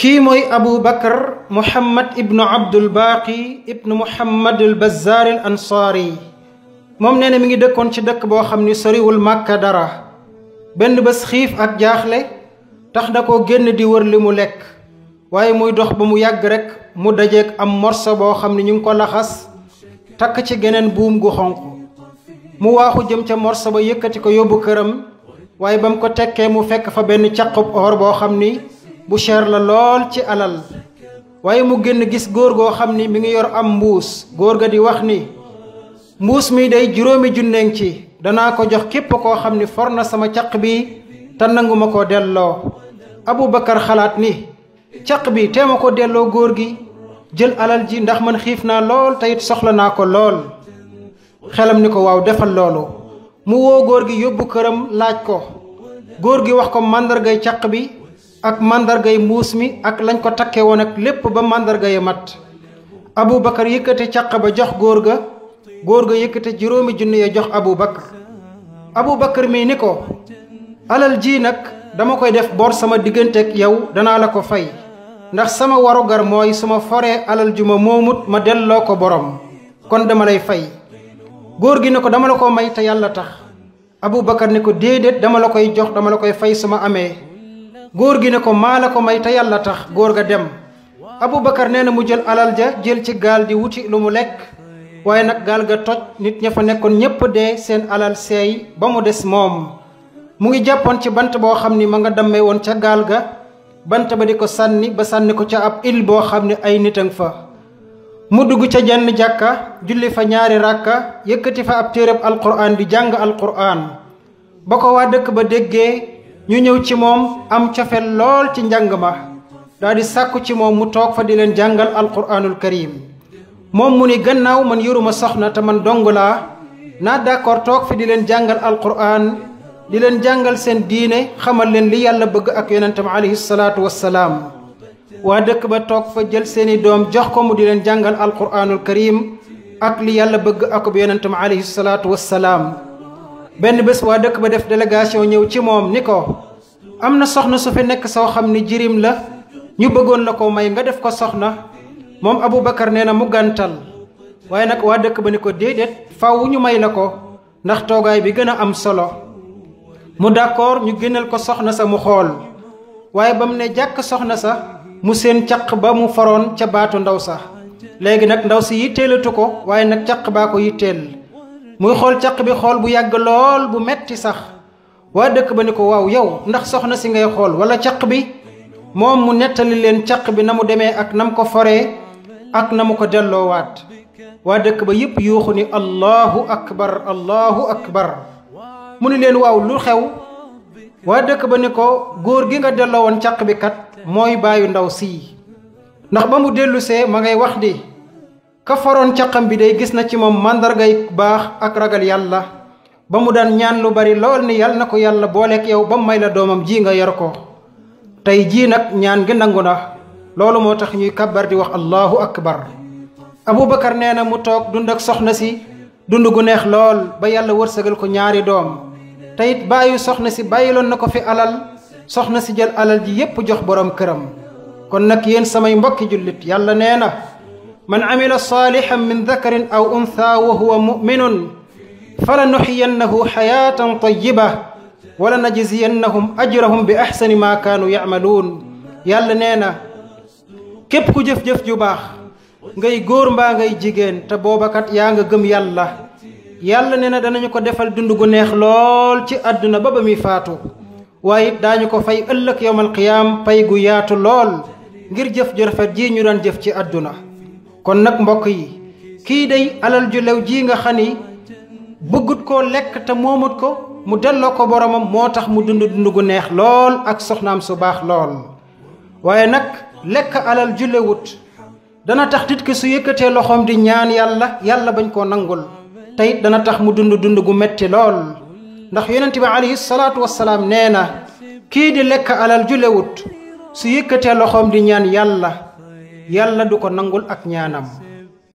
kii mooy abu bakar muhammad ibnu abdulbaaqi ibnu muhammad al bazaar al ansaari moom nee na mi ngi dëkkoon ci dëkk boo xam ni soriwul màkka dara benn bés xiif ak jaaxle tax na ko génn di wër li mu lekk waaye muy dox ba mu yàgg rekk mu dajeek am morso boo xam ni ñu ngi ko laxas takk ci geneen buum gu xonq mu waaxu jëm ca morso ba yëkkati ko yóbbu këram waaye ba mu ko tekkee mu fekk fa benn caqub or boo xam ni bu cher la lol ci alal waye mu genn gis gor go xamni mi ngi yor am mbuus gor ga di wax ni mbuus mi day juromi junneng ci dana ko jox kep ko xamni forna sama cakbi, bi tan nanguma ko abou bakkar khalat ni caq bi teema ko delloo gi jël alal ji ndax man xiif lol lool soxla na ko lol xelam ni ko waw defal lolu, mu wo gor gi yobbu këram laaj ko gor gi wax ko gay bi ak màndarga yi muus mi ak lañ ko takke woon ak lépp ba màndarga yi mat abu bakar yëkkate caq ba jox góor ga góor ga yëkkate juróomi junni ya jox abu bakar abu bakar mii ni ko alal jii nag dama koy def bor sama digganteeg yow danaa la ko fay ndax sama warugar mooy su ma foree alal ju ma moomut ma delloo ko borom kon dama lay fay góor gi ne ko dama la ko may te yàlla tax abu bakar ne ko déedéet dama la koy jox dama la koy fay su ma amee góor gi ne ko maa ko may te yàlla tax góor ga dem Aboubacar nee na mu jël alal ja jël ci gaal di wuti lu mu lekk waaye nag gaal ga toj nit ña fa nekkoon ñépp dee seen alal seey ba mu des moom mu ngi jàppoon ci bant boo xam ni ma nga dammee woon ca gaal ga bant ba di ko sànni ba sànni ko ca ab il boo xam ne ay nitang fa mu dugg ca jenn jàkka julli fa ñaari ràkka yëkkati fa ab téereb alquran di jàng alquran ba ko waa dëkk ba déggee ñu ñew ci mom am ciofel lol ci njàng ma dadi di sàkku ci mom mu tok fa di len jangal alquranul karim mom mu ni gannaaw man yuruma soxna ta man dongula na d'accord tok fi di len jangal alquran di len jangal sen diine xamal len li yalla bëgg ak yonentam alayhi salatu wassalam wa dekk ba tok fa jël seni dom jox ko mu di len jangal alquranul karim ak li yalla bëgg ak yonentam alayhi salatu wassalam benn bés waa dëkk ba def délégation ñëw ci moom ni ko am na soxna su fi nekk soo xam ne jirim la ñu bëggoon la ko may nga def ko soxna moom Aboubacar nee na mu gàntal waaye nag waa dëkk ba ne ko déedéet faw ñu may la ko ndax toogaay bi gën a am solo mu d'accord ñu génnal ko soxna sa mu xool waaye ba mu ne jàkk soxna sa mu seen caq ba mu foroon ca baatu ndaw sa léegi nag ndaw si yitteelatu ko waaye nag caq baa ko yitteel muy xool caq bi xool bu yàgg lool bu metti sax waa dëkk ba ni ko waaw yow ndax soxna si ngay xool wala caq bi moom mu nettali leen caq bi na mu demee ak na mu ko foree ak na mu ko delloowaat waa dëkk ba yëpp yuuxu ni allahu akbar allahu akbar mu ni leen waaw lu xew waa dëkk ba ni ko góor gi nga delloo woon caq bi kat mooy baayu ndaw sii ndax ba mu dellusee ma ngay wax di ka caqam bi dey gis na ci moom màndargay baax ak ragal yàlla ba mu daan ñaan lu bari lool ne yàlla na ko yàlla booleek yow ba mu may la doomam ji nga yar ko tey jii nag ñaan gi nangu na loolu moo tax ñuy kàbbar di wax allahu akbar abubakar nee na mu toog dund ak soxna si dund gu neex lool ba yàlla wërsëgal ko ñaari doom te it bàyyi soxna si bàyyiloon na ko fi alal soxna si jël alal ji yépp jox boroom këram kon nag yéen samay mbokki jullit yàlla nee na man amila saalihan min dakarin aw untha wa huwa muminun fala nuxiyannahu xayaatan tayiba wala najziyannahum ajrahum bi axsani maa kaanu yacmaluun yàlla nee na képp ku jëf-jëf ju baax ngay góor mbaa ngay jigéen te boobakat yaa nga gëm yàlla yàlla nee na danañu ko defal dund gu neex lool ci àdduna ba ba muy faatu waaye daañu ko fay ëllëg yowmal qiyaam pay gu yaatu lool ngir jëf ju rafet ji ñu daan jëf ci àdduna kon nag mbokk yi kii day alal ju lew ji nga xam ni bëggut koo lekk te moomut ko mu delloo ko boromam moo tax mu dund dund gu neex lool ak soxnaam su baax lool waaye nag lekk alal ju dana tax dit ki su yëkkatee loxoom di ñaan yàlla yàlla bañ koo nangul tey dana tax mu dund dund gu metti lool ndax yonent bi alayhi nee na kii di lekk alal ju lewut su yëkkatee loxoom di ñaan yàlla yàlla du ko nangul ak ñaanam